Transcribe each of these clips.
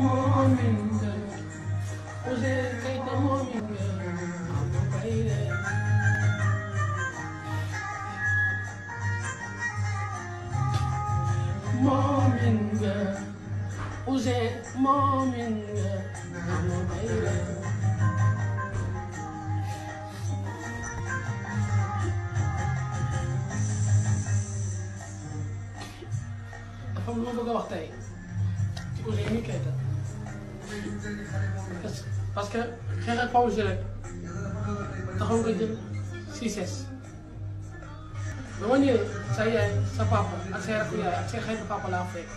مؤمن وزيت مؤمن مؤمن وزيت مؤمن xam lu ma bëgg a wax tey ci Ouzin mi Keita parce que xeex ak Pawlish rek taxaw nga jël succès ba ma ñëwee sa yaay sa papa ak say rakku yaay ak say xaritu papa laa fekk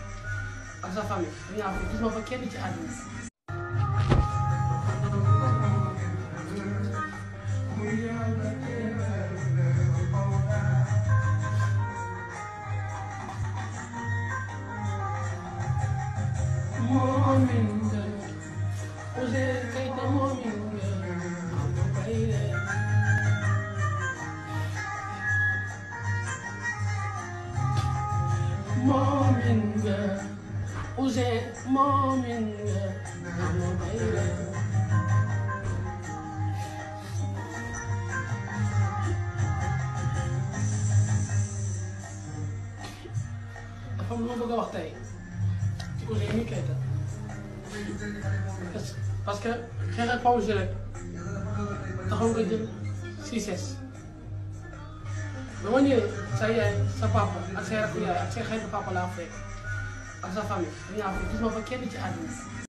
ak sa famille dañu am gis ma fa kenn ci àdduna Morning. moomin nga Ouzin moomin nga ñu may la dafa am lu ma bëgg a wax tey ci Ouzin mi Keita parce que xeex ak Pawlish rek taxaw ba ma ñëwee sa yaay sa papa ak say rakku yaay ak say xaritu papa laa fekk ak sa famille dañaa fekk gis ma fa kenn ci àddina